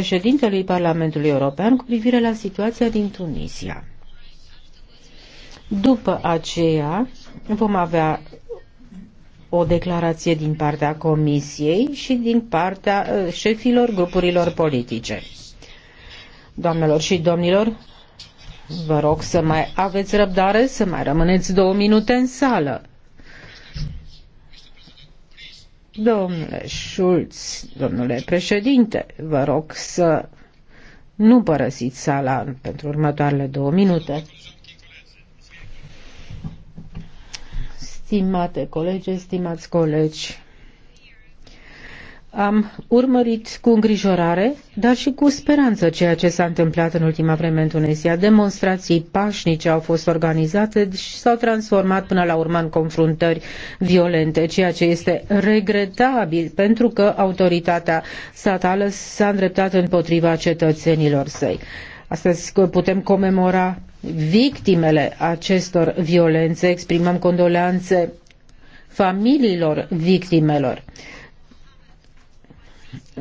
președintelui Parlamentului European cu privire la situația din Tunisia. După aceea vom avea o declarație din partea Comisiei și din partea uh, șefilor grupurilor politice. Doamnelor și domnilor, vă rog să mai aveți răbdare, să mai rămâneți două minute în sală. Domnule Schulz, domnule președinte, vă rog să nu părăsiți sala pentru următoarele două minute. Stimate colegi, stimați colegi, am urmărit cu îngrijorare, dar și cu speranță ceea ce s-a întâmplat în ultima vreme în Tunisia. Demonstrații pașnice au fost organizate și s-au transformat până la urmă în confruntări violente, ceea ce este regretabil pentru că autoritatea statală s-a îndreptat împotriva cetățenilor săi. Astăzi putem comemora victimele acestor violențe, exprimăm condoleanțe familiilor victimelor.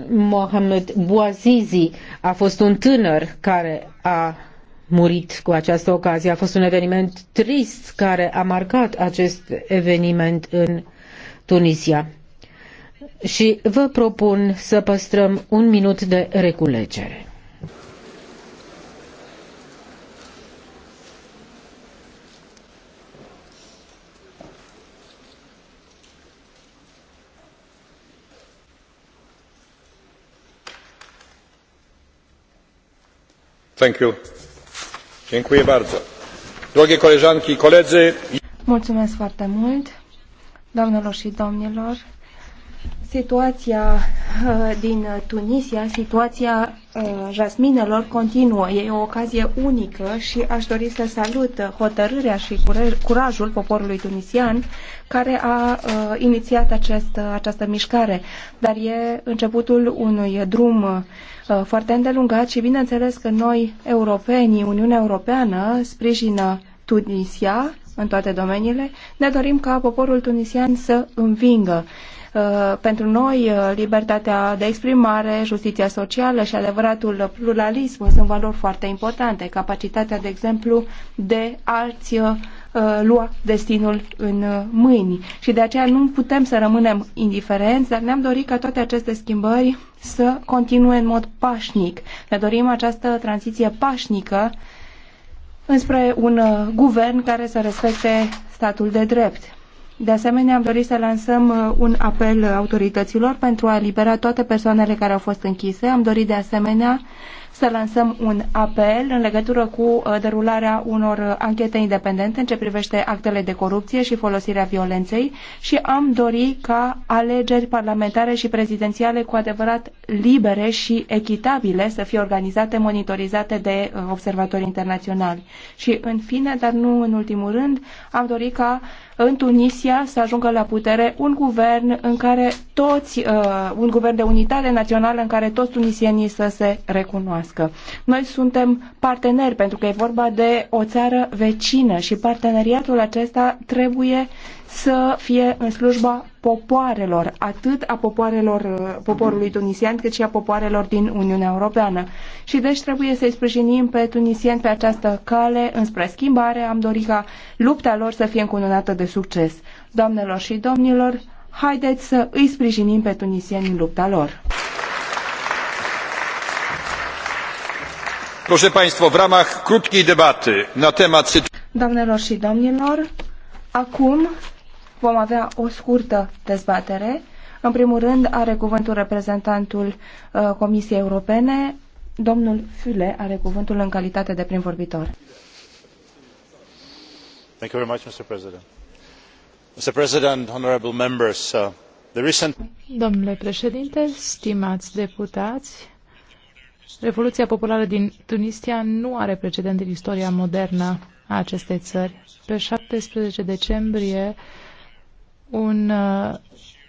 Mohamed Bouazizi a fost un tânăr care a murit cu această ocazie. A fost un eveniment trist care a marcat acest eveniment în Tunisia. Și vă propun să păstrăm un minut de reculegere. Mulțumesc foarte mult, doamnelor și domnilor. Situația uh, din Tunisia, situația uh, jasminelor continuă. E o ocazie unică și aș dori să salut hotărârea și curajul poporului tunisian care a uh, inițiat acest, această mișcare. Dar e începutul unui drum foarte îndelungat și bineînțeles că noi, europenii, Uniunea Europeană, sprijină Tunisia în toate domeniile. Ne dorim ca poporul tunisian să învingă Uh, pentru noi uh, libertatea de exprimare, justiția socială și adevăratul pluralism sunt valori foarte importante. Capacitatea, de exemplu, de alți uh, lua destinul în mâini. Și de aceea nu putem să rămânem indiferenți, dar ne-am dorit ca toate aceste schimbări să continue în mod pașnic. Ne dorim această tranziție pașnică înspre un guvern care să respecte statul de drept. De asemenea, am dorit să lansăm uh, un apel autorităților pentru a elibera toate persoanele care au fost închise. Am dorit de asemenea să lansăm un apel în legătură cu uh, derularea unor uh, anchete independente în ce privește actele de corupție și folosirea violenței și am dorit ca alegeri parlamentare și prezidențiale cu adevărat libere și echitabile să fie organizate, monitorizate de observatori internaționali. Și în fine, dar nu în ultimul rând, am dorit ca în Tunisia să ajungă la putere un guvern în care toți, uh, un guvern de unitate națională în care toți tunisienii să se recunoască. Noi suntem parteneri pentru că e vorba de o țară vecină și parteneriatul acesta trebuie să fie în slujba popoarelor, atât a popoarelor, uh, poporului tunisian, cât și a popoarelor din Uniunea Europeană. Și deci trebuie să-i sprijinim pe tunisieni pe această cale înspre schimbare. Am dorit ca lupta lor să fie încununată de succes. Doamnelor și domnilor, haideți să îi sprijinim pe tunisieni în lupta lor. Proszę Państwa, w ramach krótkiej debaty na temat sytuacji... Doamnelor și domnilor, acum Vom avea o scurtă dezbatere. În primul rând, are cuvântul reprezentantul uh, Comisiei Europene. Domnul Füle are cuvântul în calitate de prim vorbitor. Thank you very much, Mr. President. Mr. President, honorable members, uh, the recent... Domnule președinte, stimați deputați, Revoluția populară din Tunisia nu are precedent în istoria modernă a acestei țări. Pe 17 decembrie un uh,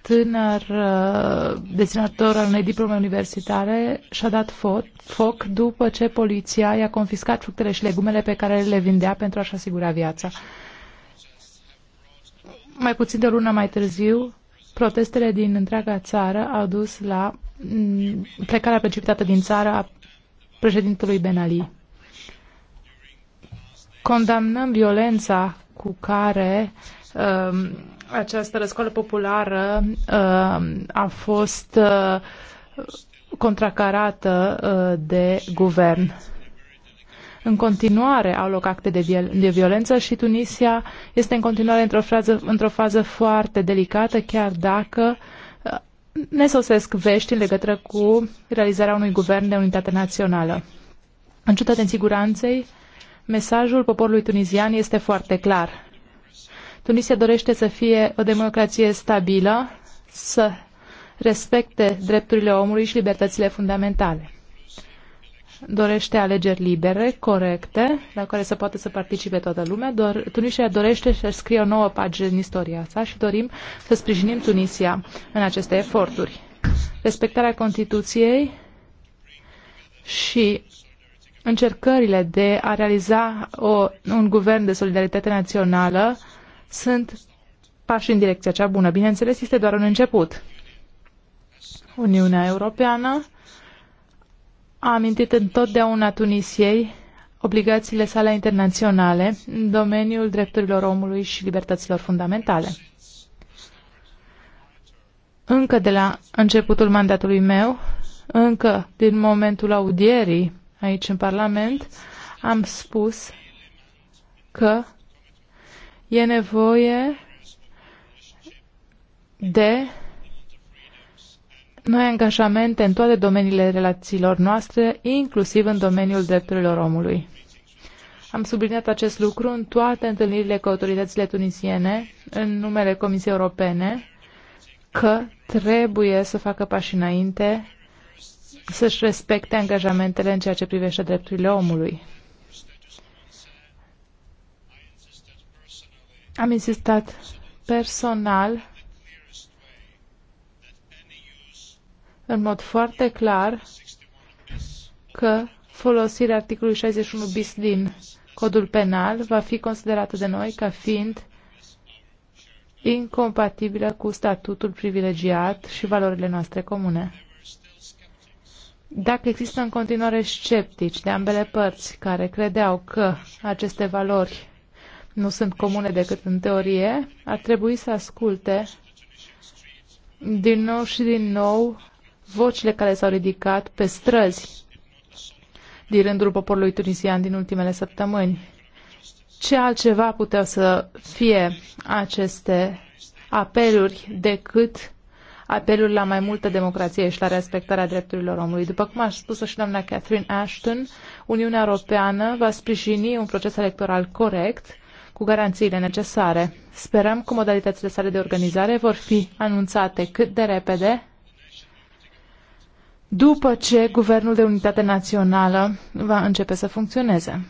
tânăr uh, destinator al unei diplome universitare și-a dat foc, foc după ce poliția i-a confiscat fructele și legumele pe care le vindea pentru a-și asigura viața. Mai puțin de o lună mai târziu, protestele din întreaga țară au dus la mm, plecarea precipitată din țară a președintelui Ben Ali. Condamnăm violența cu care uh, această răscoală populară uh, a fost uh, contracarată uh, de guvern. În continuare au loc acte de, viol- de violență și Tunisia este în continuare într-o, frază, într-o fază foarte delicată, chiar dacă ne sosesc vești în legătură cu realizarea unui guvern de unitate națională. În ciuda siguranței, mesajul poporului tunizian este foarte clar Tunisia dorește să fie o democrație stabilă, să respecte drepturile omului și libertățile fundamentale. Dorește alegeri libere, corecte, la care să poată să participe toată lumea. Dor, Tunisia dorește să scrie o nouă pagină în istoria sa și dorim să sprijinim Tunisia în aceste eforturi. Respectarea Constituției și încercările de a realiza o, un guvern de solidaritate națională uh, sunt pași în direcția cea bună. Bineînțeles, este doar un început. Uniunea Europeană a amintit întotdeauna Tunisiei obligațiile sale internaționale în domeniul drepturilor omului și libertăților fundamentale. Încă de la începutul mandatului meu, încă din momentul audierii aici în Parlament, am spus că e nevoie de noi angajamente în toate domeniile relațiilor noastre, inclusiv în domeniul drepturilor omului. Am subliniat acest lucru în toate întâlnirile cu autoritățile tunisiene, în numele Comisiei Europene, că trebuie să facă pași înainte, să-și respecte angajamentele în ceea ce privește drepturile omului. Am insistat personal în mod foarte clar că folosirea articolului 61 bis din codul penal va fi considerată de noi ca fiind incompatibilă cu statutul privilegiat și valorile noastre comune. Dacă există în continuare sceptici de ambele părți care credeau că aceste valori nu sunt comune decât în teorie, ar trebui să asculte din nou și din nou vocile care s-au ridicat pe străzi din rândul poporului tunisian din ultimele săptămâni. Ce altceva puteau să fie aceste apeluri decât apelul la mai multă democrație și la respectarea drepturilor omului. După cum a spus și doamna Catherine Ashton, Uniunea Europeană va sprijini un proces electoral corect cu garanțiile necesare. Sperăm că modalitățile sale de organizare vor fi anunțate cât de repede după ce Guvernul de Unitate Națională va începe să funcționeze.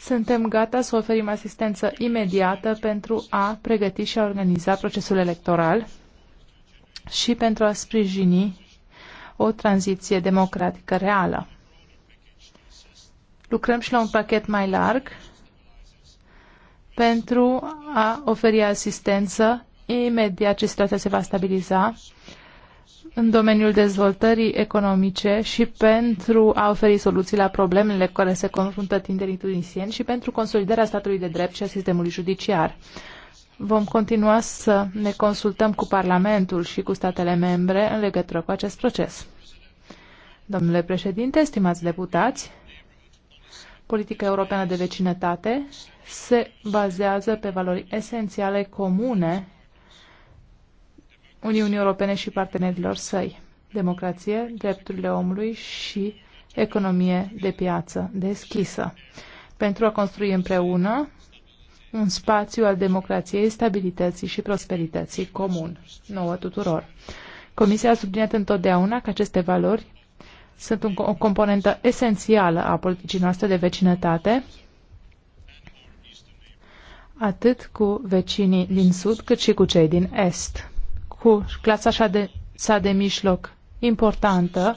Suntem gata să oferim asistență imediată pentru a pregăti și a organiza procesul electoral și pentru a sprijini o tranziție democratică reală. Lucrăm și la un pachet mai larg pentru a oferi asistență imediat ce situația se va stabiliza în domeniul dezvoltării economice și pentru a oferi soluții la problemele cu care se confruntă tinerii tunisieni și pentru consolidarea statului de drept și a sistemului judiciar. Vom continua să ne consultăm cu Parlamentul și cu statele membre în legătură cu acest proces. Domnule președinte, stimați deputați, politica europeană de vecinătate se bazează pe valori esențiale comune Uniunii Europene și partenerilor săi. Democrație, drepturile omului și economie de piață deschisă. Pentru a construi împreună un spațiu al democrației, stabilității și prosperității comun, nouă tuturor. Comisia a subliniat întotdeauna că aceste valori sunt o componentă esențială a politicii noastre de vecinătate atât cu vecinii din sud, cât și cu cei din est. Cu clasa sa de, sa de mijloc importantă,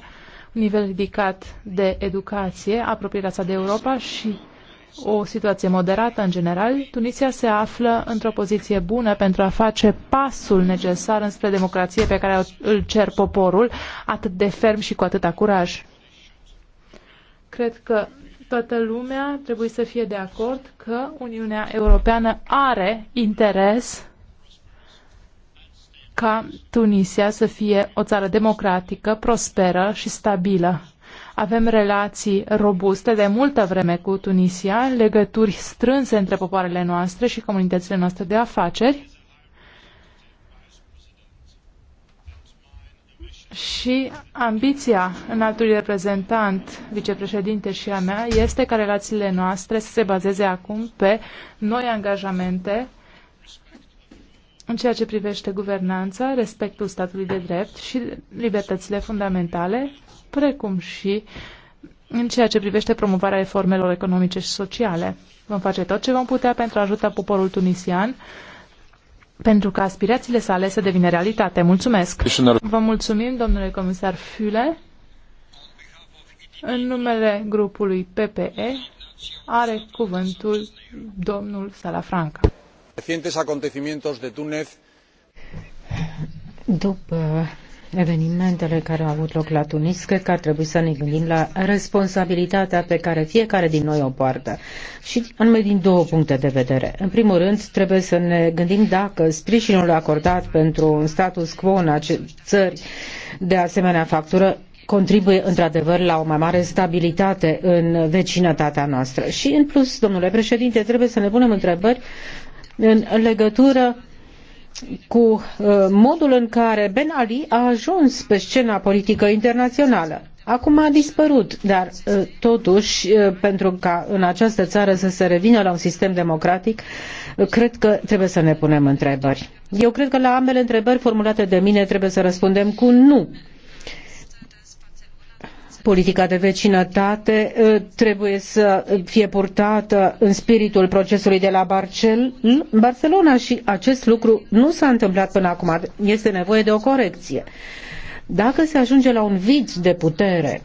un nivel ridicat de educație, apropierea sa de Europa și o situație moderată în general, Tunisia se află într-o poziție bună pentru a face pasul necesar înspre democrație pe care îl cer poporul, atât de ferm și cu atâta curaj. Cred că Toată lumea trebuie să fie de acord că Uniunea Europeană are interes ca Tunisia să fie o țară democratică, prosperă și stabilă. Avem relații robuste de multă vreme cu Tunisia, legături strânse între popoarele noastre și comunitățile noastre de afaceri și ambiția înaltului reprezentant, vicepreședinte și a mea, este ca relațiile noastre să se bazeze acum pe noi angajamente în ceea ce privește guvernanța, respectul statului de drept și libertățile fundamentale, precum și în ceea ce privește promovarea reformelor economice și sociale. Vom face tot ce vom putea pentru a ajuta poporul tunisian pentru ca aspirațiile sale să devină realitate. Mulțumesc! Deci, Vă mulțumim, domnule comisar Füle. În numele grupului PPE are cuvântul domnul Salafranca. Recientes acontecimientos de Túnez. După evenimentele care au avut loc la Tunis, cred că ar trebui să ne gândim la responsabilitatea pe care fiecare din noi o poartă. Și anume din două puncte de vedere. În primul rând, trebuie să ne gândim dacă sprijinul acordat pentru un status quo în acele țări de asemenea factură contribuie într-adevăr la o mai mare stabilitate în vecinătatea noastră. Și în plus, domnule președinte, trebuie să ne punem întrebări în legătură cu uh, modul în care Ben Ali a ajuns pe scena politică internațională. Acum a dispărut, dar uh, totuși, uh, pentru ca în această țară să se revină la un sistem democratic, cred că trebuie să ne punem întrebări. Eu cred că la ambele întrebări formulate de mine trebuie să răspundem cu nu. Politica de vecinătate trebuie să fie purtată în spiritul procesului de la Barcel, Barcelona și acest lucru nu s-a întâmplat până acum. Este nevoie de o corecție. Dacă se ajunge la un vid de putere,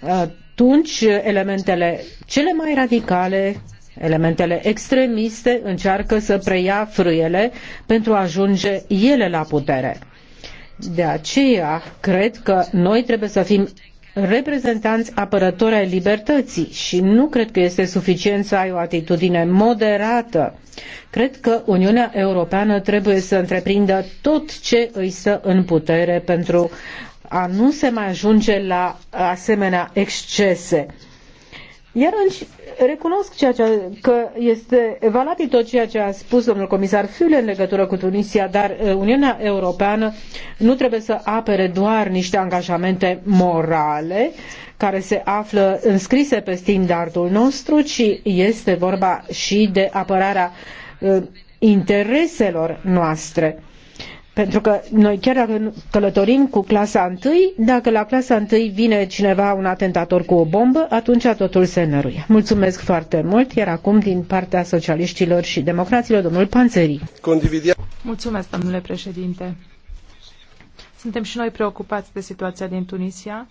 atunci elementele cele mai radicale, elementele extremiste încearcă să preia frâiele pentru a ajunge ele la putere. De aceea, cred că noi trebuie să fim reprezentanți apărători ai libertății și nu cred că este suficient să ai o atitudine moderată. Cred că Uniunea Europeană trebuie să întreprindă tot ce îi stă în putere pentru a nu se mai ajunge la asemenea excese. Iar recunosc ceea ce, că este valabil tot ceea ce a spus domnul comisar Fiule în legătură cu Tunisia, dar uh, Uniunea Europeană nu trebuie să apere doar niște angajamente morale care se află înscrise pe standardul nostru, ci este vorba și de apărarea uh, intereselor noastre pentru că noi chiar călătorim cu clasa 1, dacă la clasa 1 vine cineva, un atentator cu o bombă, atunci totul se năruie. Mulțumesc foarte mult, iar acum din partea socialiștilor și democraților, domnul Condividia. Mulțumesc, domnule președinte. Suntem și noi preocupați de situația din Tunisia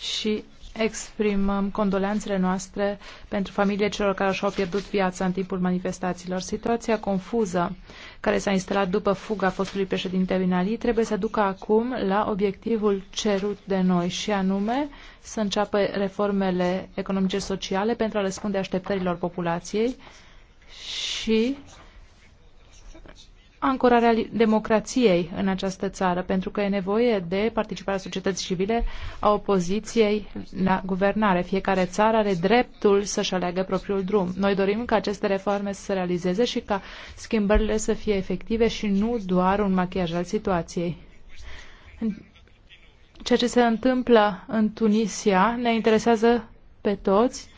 și exprimăm condolențele noastre pentru familie celor care și-au pierdut viața în timpul manifestațiilor. Situația confuză care s-a instalat după fuga fostului președinte Binali trebuie să ducă acum la obiectivul cerut de noi și anume să înceapă reformele economice sociale pentru a răspunde așteptărilor populației și ancorarea democrației în această țară, pentru că e nevoie de participarea societății civile a opoziției la guvernare. Fiecare țară are dreptul să-și aleagă propriul drum. Noi dorim ca aceste reforme să se realizeze și ca schimbările să fie efective și nu doar un machiaj al situației. Ceea ce se întâmplă în Tunisia ne interesează pe toți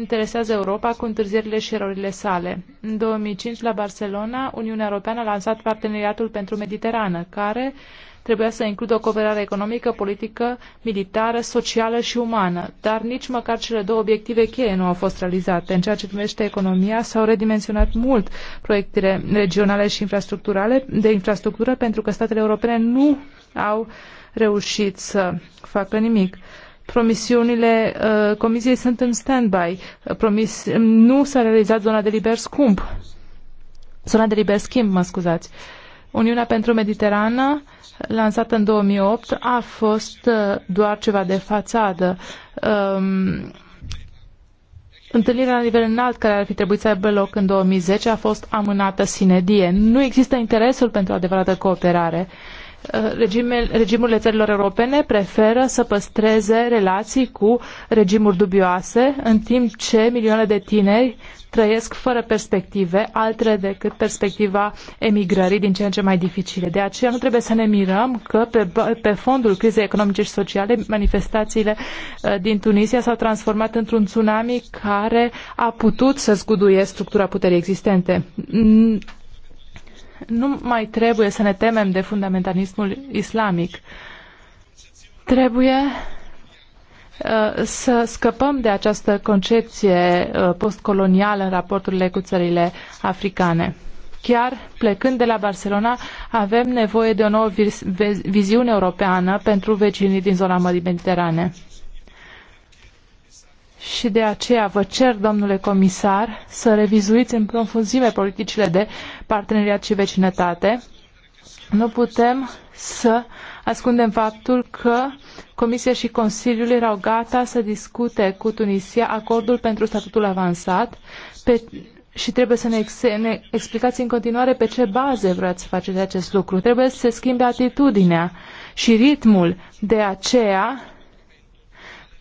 interesează Europa cu întârzierile și erorile sale. În 2005, la Barcelona, Uniunea Europeană a lansat Parteneriatul pentru Mediterană, care trebuia să includă o cooperare economică, politică, militară, socială și umană, dar nici măcar cele două obiective cheie nu au fost realizate. În ceea ce privește economia, s-au redimensionat mult proiectele regionale și infrastructurale de infrastructură pentru că statele europene nu au reușit să facă nimic promisiunile uh, Comisiei sunt în stand-by. Promis, nu s-a realizat zona de liber scump. Zona de liber schimb, mă scuzați. Uniunea pentru Mediterană, lansată în 2008, a fost uh, doar ceva de fațadă. Um, Întâlnirea la nivel înalt care ar fi trebuit să aibă loc în 2010 a fost amânată sinedie. Nu există interesul pentru adevărată cooperare. Uh, regimurile țărilor europene preferă să păstreze relații cu regimuri dubioase, în timp ce milioane de tineri trăiesc fără perspective, altele decât perspectiva emigrării din ce în ce mai dificile. De aceea nu trebuie să ne mirăm că pe, pe fondul crizei economice și sociale manifestațiile uh, din Tunisia s-au transformat într-un tsunami care a putut să zguduie structura puterii existente. Nu mai trebuie să ne temem de fundamentalismul islamic. Trebuie uh, să scăpăm de această concepție uh, postcolonială în raporturile cu țările africane. Chiar plecând de la Barcelona, avem nevoie de o nouă viziune europeană pentru vecinii din zona Mării Mediterane și de aceea vă cer, domnule comisar, să revizuiți în profunzime politicile de parteneriat și vecinătate. Nu putem să ascundem faptul că Comisia și Consiliul erau gata să discute cu Tunisia acordul pentru statutul avansat pe, și trebuie să ne, ex, ne explicați în continuare pe ce baze vreți să faceți acest lucru. Trebuie să se schimbe atitudinea și ritmul. De aceea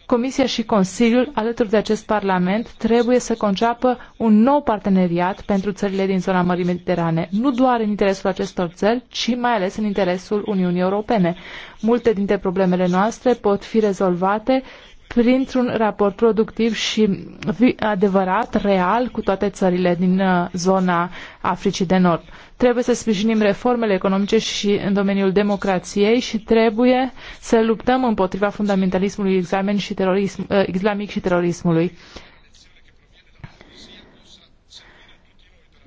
Comisia și Consiliul, alături de acest Parlament, trebuie să conceapă un nou parteneriat pentru țările din zona Mării Mediterane, nu doar în interesul acestor țări, ci mai ales în interesul Uniunii Europene. Multe dintre problemele noastre pot fi rezolvate printr-un raport productiv și adevărat, real, cu toate țările din uh, zona Africii de Nord. Trebuie să sprijinim reformele economice și în domeniul democrației și trebuie să luptăm împotriva fundamentalismului examen și terorism, uh, islamic și terorismului.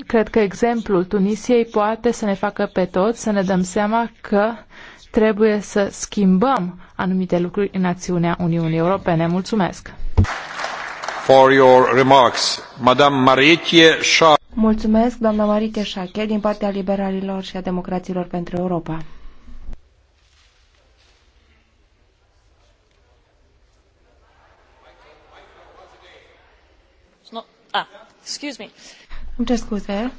Cred că exemplul Tunisiei poate să ne facă pe toți să ne dăm seama că trebuie să schimbăm anumite lucruri în acțiunea Uniunii Europene. Mulțumesc! For your remarks, Madame Marietje Mulțumesc, doamna Maritie Șache, din partea liberalilor și a democraților pentru Europa. Ah, excuse me. Îmi cer scuze.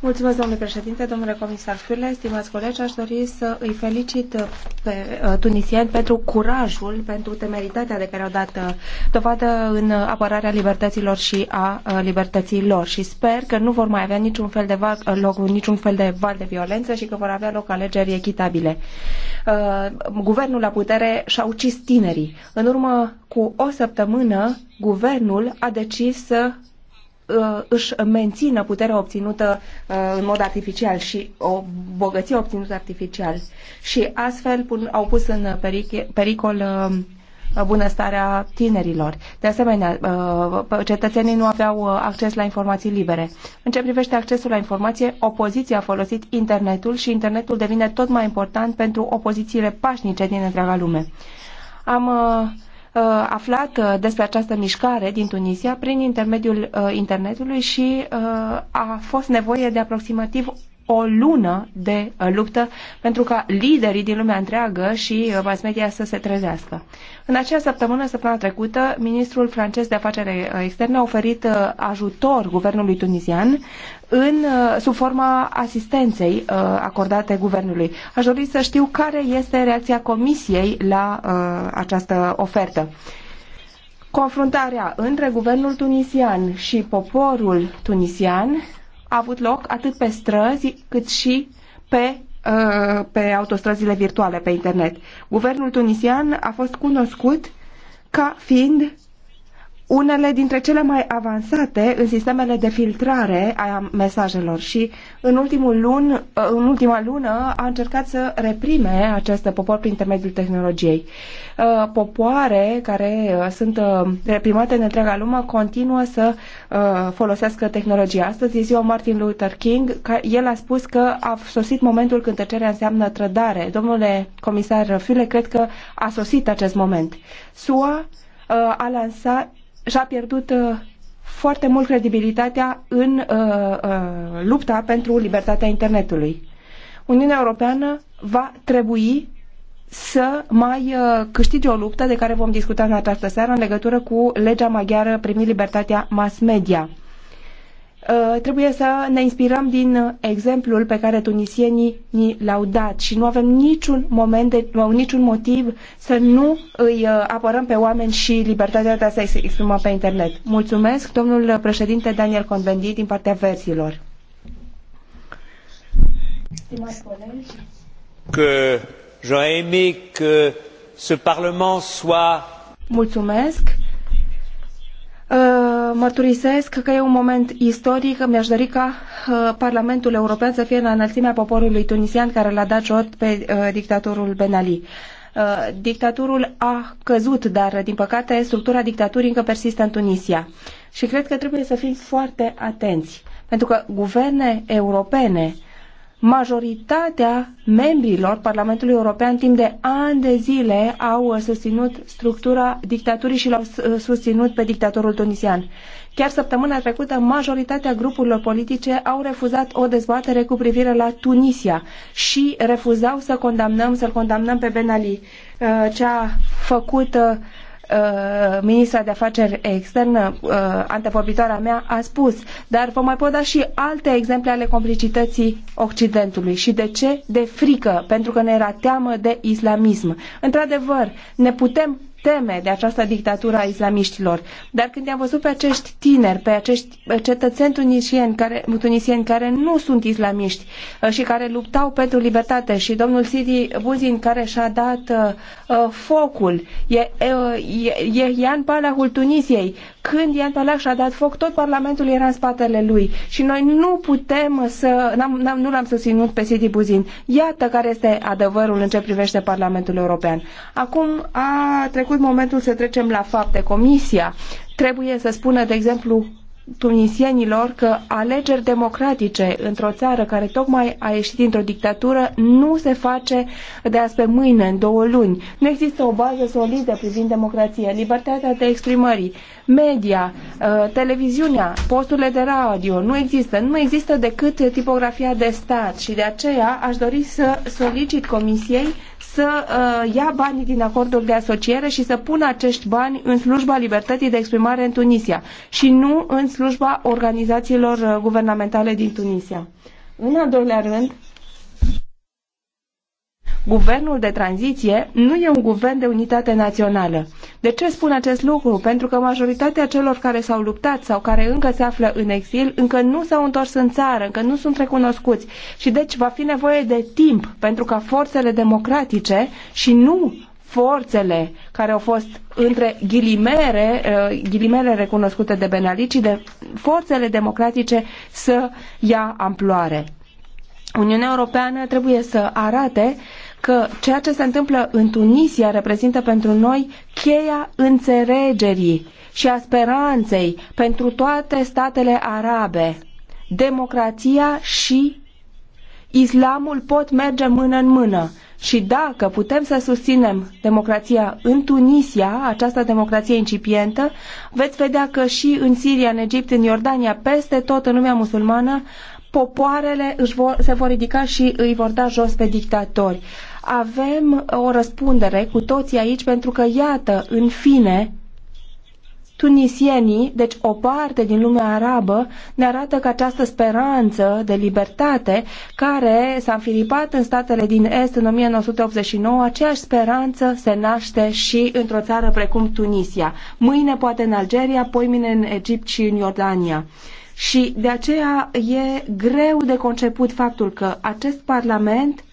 Mulțumesc, domnule președinte, domnule comisar Fiule, stimați colegi, aș dori să îi felicit pe uh, tunisieni pentru curajul, pentru temeritatea de care au dat uh, dovadă în apărarea libertăților și a uh, libertăților și sper că nu vor mai avea niciun fel de val, loc, niciun fel de val de violență și că vor avea loc alegeri echitabile. Guvernul la putere și-a ucis tinerii. În urmă cu o săptămână, guvernul a decis să Uh, își mențină puterea obținută uh, în mod artificial și o bogăție obținută artificial. Și astfel au pus în pericol uh, bunăstarea tinerilor. De asemenea, cetățenii nu aveau acces la informații libere. În ce privește accesul la informație, opoziția a folosit internetul și internetul devine tot mai important pentru opozițiile pașnice din întreaga lume. Am uh, Uh, aflat uh, despre această mișcare din Tunisia prin intermediul uh, internetului și a fost nevoie de aproximativ o lună de uh, luptă pentru ca liderii din lumea întreagă și uh, mass media să se trezească. În acea săptămână, săptămâna trecută, ministrul francez de afaceri uh, externe a oferit ajutor guvernului tunisian în, sub forma asistenței acordate guvernului. Aș dori să știu care este reacția comisiei la această ofertă. Confruntarea între guvernul tunisian și poporul tunisian a avut loc atât pe străzi cât și pe uh, pe autostrăzile virtuale pe internet. Guvernul tunisian a fost cunoscut ca fiind unele dintre cele mai avansate în sistemele de filtrare a mesajelor și în, ultimul lun, în ultima lună a încercat să reprime acest popor prin intermediul tehnologiei. Uh, popoare care uh, sunt uh, reprimate în întreaga lume continuă să folosească tehnologia. Astăzi e ziua Martin Luther King. El a spus că a sosit momentul când tăcerea înseamnă trădare. Domnule comisar Fiule, cred că a sosit acest moment. SUA a lansat și-a pierdut uh, foarte mult credibilitatea în uh, uh, lupta pentru libertatea internetului. Uniunea Europeană va trebui să mai uh, câștige o luptă de care vom discuta în această seară în legătură cu legea maghiară privind libertatea mass media. Uh, trebuie să ne inspirăm din uh, exemplul pe care tunisienii ni l-au dat și nu avem niciun moment, de, niciun motiv să nu îi uh, apărăm pe oameni și libertatea de a se exprima pe internet. Mulțumesc, domnul președinte Daniel Convendi din partea versilor. Stimați colegi, que j'aurais aimé ce soit Mulțumesc Ă, mărturisesc că e un moment istoric. Mi-aș dori ca ă, Parlamentul European să fie în înălțimea poporului tunisian care l-a dat jos pe ă, dictatorul Ben Ali. Dictatorul a căzut, dar, din păcate, structura dictaturii încă persistă în Tunisia. Și cred că trebuie să fim foarte atenți, pentru că guverne europene majoritatea membrilor Parlamentului European timp de ani de zile au uh, susținut structura dictaturii și l-au uh, susținut pe dictatorul tunisian. Chiar săptămâna trecută, majoritatea grupurilor politice au refuzat o dezbatere cu privire la Tunisia și refuzau să condamnăm, să-l condamnăm pe Ben Ali. Uh, ce a făcut Uh, ministra de afaceri externă, uh, antevorbitoarea mea, a spus, dar vă mai pot da și alte exemple ale complicității Occidentului. Și de ce? De frică, pentru că ne era teamă de islamism. Într-adevăr, ne putem teme de această dictatură a islamiștilor. Dar când i-am văzut pe acești tineri, pe acești cetățeni tunisieni care, tunisieni care nu sunt islamiști uh, și care luptau pentru libertate și domnul Sidi Buzin care și-a dat uh, uh focul, e, uh, e, e Ian Palahul Tunisiei, când Ian Palah și-a dat foc, tot Parlamentul era în spatele lui și noi nu putem să, n -am, n -am, nu l-am susținut pe Sidi Buzin. Iată care este adevărul în ce privește Parlamentul European. Acum a trecut trecut momentul să trecem la fapte. Comisia trebuie să spună, de exemplu, tunisienilor că alegeri democratice într-o țară care tocmai a ieșit dintr-o dictatură nu se face de azi pe mâine, în două luni. Nu există o bază solidă privind democrația, libertatea de exprimării, media, uh, televiziunea, posturile de radio. Nu există. Nu există decât tipografia de stat și de aceea aș dori să solicit Comisiei să uh, ia banii din acordul de asociere și să pună acești bani în slujba libertății de exprimare în Tunisia și nu în slujba organizațiilor uh, guvernamentale din Tunisia. În al doilea rând, guvernul de tranziție nu e un guvern de unitate națională. De ce spun acest lucru? Pentru că majoritatea celor care s-au luptat sau care încă se află în exil, încă nu s-au întors în țară, încă nu sunt recunoscuți. Și deci va fi nevoie de timp pentru ca forțele democratice și nu forțele care au fost între ghilimere, uh, ghilimele recunoscute de Benali, ci de forțele democratice să ia amploare. Uniunea Europeană trebuie să arate că ceea ce se întâmplă în Tunisia reprezintă pentru noi cheia înțelegerii și a speranței pentru toate statele arabe. Democrația și islamul pot merge mână în mână. Și dacă putem să susținem democrația în Tunisia, această democrație incipientă, veți vedea că și în Siria, în Egipt, în Iordania, peste tot în lumea musulmană, popoarele își vor, se vor ridica și îi vor da jos pe dictatori. Avem o răspundere cu toții aici pentru că, iată, în fine, tunisienii, deci o parte din lumea arabă, ne arată că această speranță de libertate care s-a înfilipat în statele din Est în 1989, aceeași speranță se naște și într-o țară precum Tunisia. Mâine poate în Algeria, poimine în Egipt și în Iordania. Și de aceea e greu de conceput faptul că acest Parlament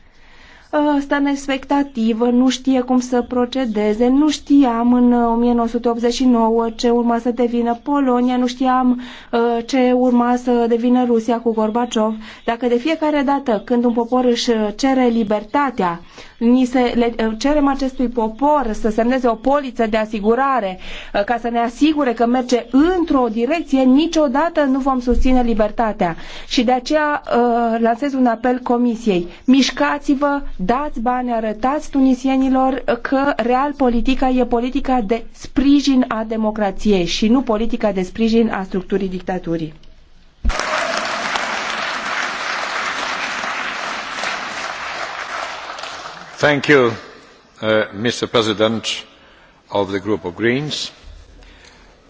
ă, stă în expectativă, nu știe cum să procedeze, nu știam în 1989 ă, ce urma să devină Polonia, nu știam ă, ce urma să devină Rusia cu Gorbaciov. Dacă de fiecare dată când un popor își cere libertatea, Ni se le, eh, cerem acestui popor să semneze o poliță de asigurare eh, ca să ne asigure că merge într-o direcție, niciodată nu vom susține libertatea. Și de aceea eh, lansez un apel comisiei. Mișcați-vă, dați bani, arătați tunisienilor că real politica e politica de sprijin a democrației și nu politica de sprijin a structurii dictaturii. Uh, Mr. President of the Group of Greens.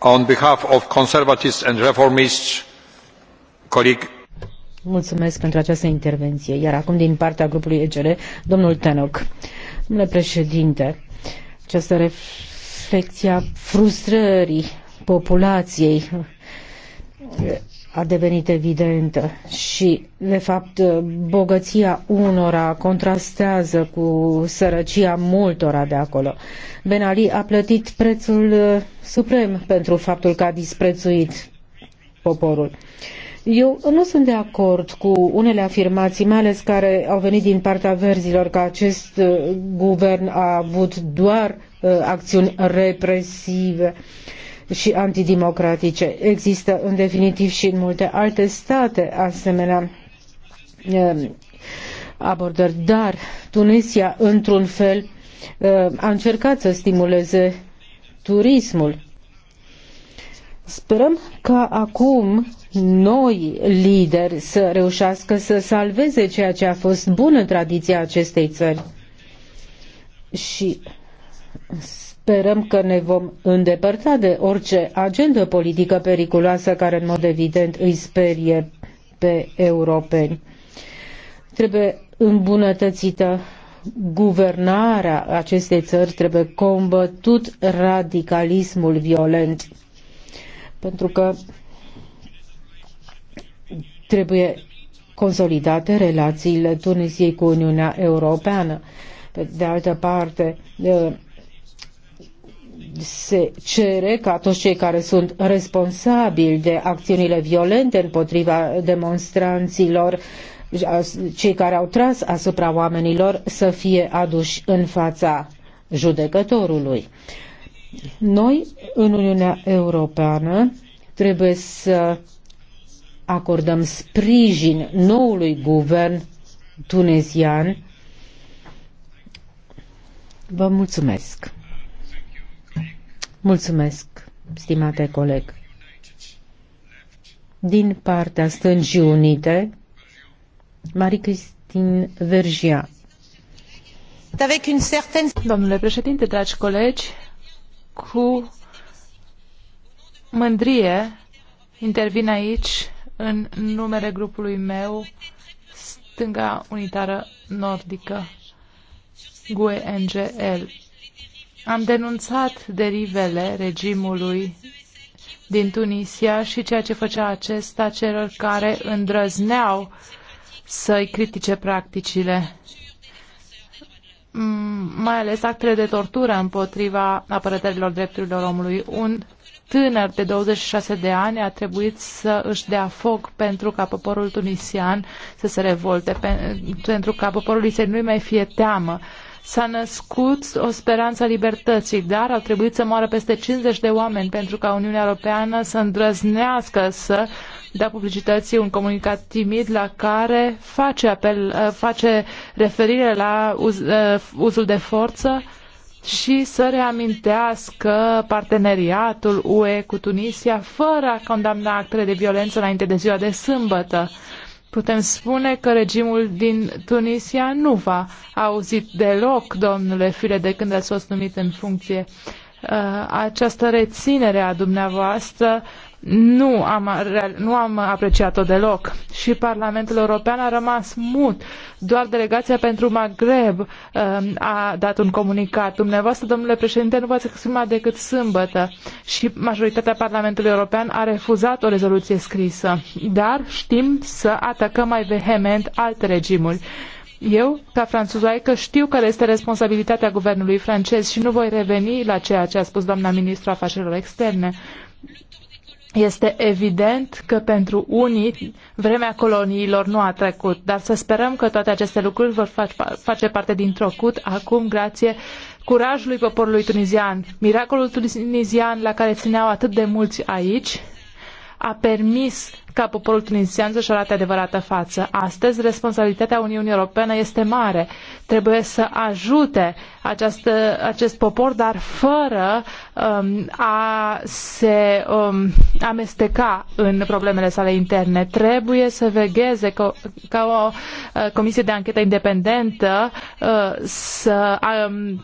On behalf of Conservatives and Reformists, colleague Mulțumesc pentru această intervenție. Iar acum din partea grupului EGR, domnul Tenoc. Domnule președinte, această reflexie a frustrării populației a devenit evidentă și, de fapt, bogăția unora contrastează cu sărăcia multora de acolo. Ben Ali a plătit prețul uh, suprem pentru faptul că a disprețuit poporul. Eu nu sunt de acord cu unele afirmații, mai ales care au venit din partea verzilor, că acest uh, guvern a avut doar uh, acțiuni represive și antidemocratice. Există în definitiv și în multe alte state asemenea um, abordări, dar Tunisia într-un fel um, a încercat să stimuleze turismul. Sperăm că acum noi lideri să reușească să salveze ceea ce a fost bună tradiția acestei țări și sperăm că ne vom îndepărta de orice agendă politică periculoasă care în mod evident îi sperie pe europeni. Trebuie îmbunătățită guvernarea acestei țări, trebuie combătut radicalismul violent. Pentru că trebuie consolidate relațiile Tunisiei cu Uniunea Europeană. de altă parte, se cere ca toți cei care sunt responsabili de acțiunile violente împotriva demonstranților, cei care au tras asupra oamenilor, să fie aduși în fața judecătorului. Noi, în Uniunea Europeană, trebuie să acordăm sprijin noului guvern tunezian. Vă mulțumesc! Mulțumesc, stimate coleg. Din partea Stângii Unite, Marie-Christine Vergia. Domnule președinte, dragi colegi, cu mândrie intervin aici în numele grupului meu Stânga Unitară Nordică, GUE-NGL. Am denunțat derivele regimului din Tunisia și ceea ce făcea acesta celor care îndrăzneau să-i critique practicile, mai ales actele de tortură împotriva apărătorilor drepturilor omului. Un tânăr de 26 de ani a trebuit să își dea foc pentru ca poporul tunisian să se revolte, pentru ca poporul să nu-i mai fie teamă S-a născut o speranță a libertății, dar au trebuit să moară peste 50 de oameni pentru ca Uniunea Europeană să îndrăznească să dea publicității un comunicat timid la care face, apel, uh, face referire la uz, uh, uzul de forță și să reamintească parteneriatul UE cu Tunisia fără a condamna actele de violență înainte de ziua de sâmbătă. Putem spune că regimul din Tunisia nu va auzit deloc, domnule File, de când ați fost numit în funcție. Uh, această reținere a dumneavoastră nu am, nu am apreciat-o deloc și Parlamentul European a rămas mut. Doar delegația pentru Maghreb um, a dat un comunicat. Dumneavoastră, domnule președinte, nu v-ați exprimat decât sâmbătă și majoritatea Parlamentului European a refuzat o rezoluție scrisă. Dar știm să atacăm mai vehement alte regimuri. Eu, ca franțuzoaică, știu care este responsabilitatea guvernului francez și nu voi reveni la ceea ce a spus doamna ministru afacerilor externe. Este evident că pentru unii vremea coloniilor nu a trecut, dar să sperăm că toate aceste lucruri vor face parte dintr-o acum, grație curajului poporului tunizian, miracolul tunizian la care țineau atât de mulți aici a permis ca poporul tunisian să-și arate adevărată față. Astăzi, responsabilitatea Uniunii Europene este mare. Trebuie să ajute această, acest popor, dar fără um, a se um, amesteca în problemele sale interne. Trebuie să vegheze ca, ca o uh, comisie de anchetă independentă uh, să um,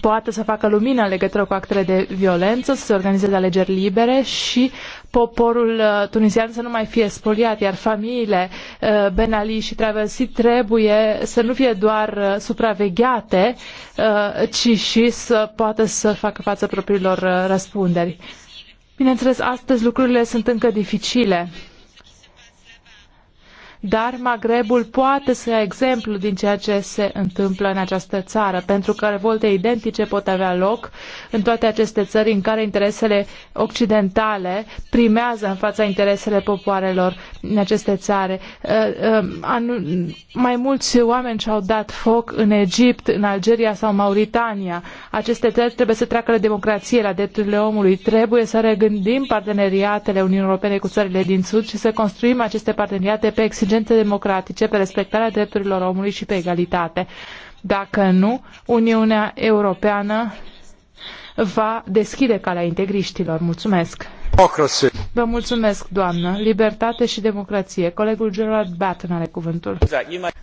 poată să facă lumină în legătură cu actele de violență, să se organizeze alegeri libere și poporul uh, tunisian să nu mai fie spoliat, iar familiile uh, Ben Ali și Traversi trebuie să nu fie doar uh, supravegheate, ci și să poată să facă față propriilor răspunderi. Bineînțeles, astăzi lucrurile sunt încă dificile dar Magrebul poate să ia exemplu din ceea ce se întâmplă în această țară, pentru că revolte identice pot avea loc în toate aceste țări în care interesele occidentale primează în fața interesele popoarelor în aceste țare. Uh, uh, mai mulți oameni și-au dat foc în Egipt, în Algeria sau Mauritania. Aceste țări trebuie să treacă la democrație, la drepturile omului. Trebuie să regândim parteneriatele Uniunii Europene cu țările din Sud și să construim aceste parteneriate pe exigențe democratice, pe respectarea drepturilor omului și pe egalitate. Dacă nu, Uniunea Europeană va deschide calea integriștilor. Mulțumesc! Vă mulțumesc, doamnă. Libertate și democrație. Colegul Gerard Batten are cuvântul.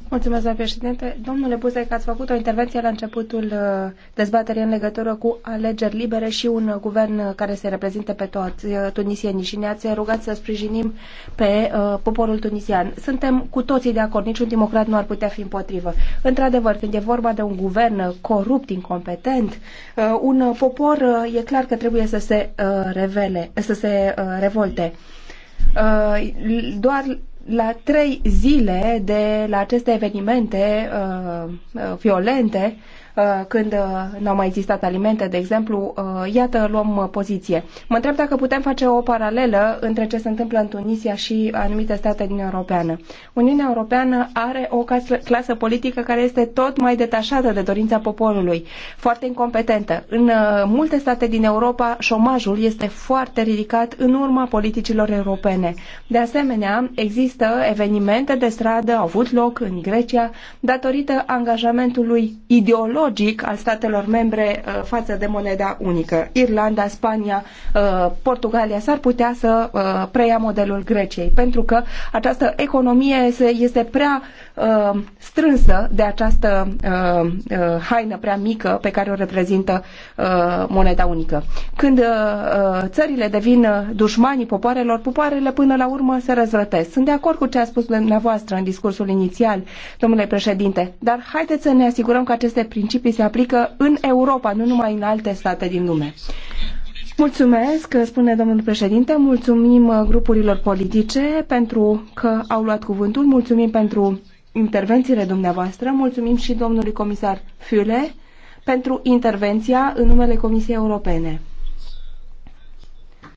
Mulțumesc, doamnă președinte. Domnule Buzek, ați făcut o intervenție la începutul uh, dezbaterii în legătură cu alegeri libere și un uh, guvern uh, care se reprezinte pe toți tunisienii și ne-ați rugat să sprijinim pe uh, poporul tunisian. Suntem cu toții de acord, niciun democrat nu ar putea fi împotrivă. Într-adevăr, când e vorba de un guvern corupt, incompetent, uh, un popor uh, e clar că trebuie să se uh, revele, să se se uh, revolte. Uh, doar la trei zile de la aceste evenimente uh, violente, Uh, când uh, nu au mai existat alimente, de exemplu, uh, iată, luăm poziție. Mă întreb dacă putem face o paralelă între ce se întâmplă în Tunisia și anumite state din Europeană. Uniunea Europeană are o clasă politică care este tot mai detașată de dorința poporului, foarte incompetentă. În multe state din Europa, șomajul este foarte ridicat în urma politicilor europene. De asemenea, există evenimente de stradă, au avut loc în Grecia, datorită angajamentului ideologic logic al statelor membre uh, față de moneda unică. Irlanda, Spania, uh, Portugalia s-ar putea să uh, preia modelul Greciei, pentru că această economie este prea uh, strânsă de această uh, uh, haină prea mică pe care o reprezintă uh, moneda unică. Când uh, uh țările devin uh, dușmanii popoarelor, popoarele până la urmă se răzvrătesc. Sunt de acord cu ce a spus dumneavoastră în discursul inițial, domnule președinte, dar haideți să ne asigurăm că aceste principii se aplică în Europa, nu numai în alte state din lume. Mulțumesc, spune domnul președinte, mulțumim uh, grupurilor politice pentru că au luat cuvântul, mulțumim pentru intervențiile dumneavoastră. Mulțumim și domnului comisar Füle pentru intervenția în numele Comisiei Europene.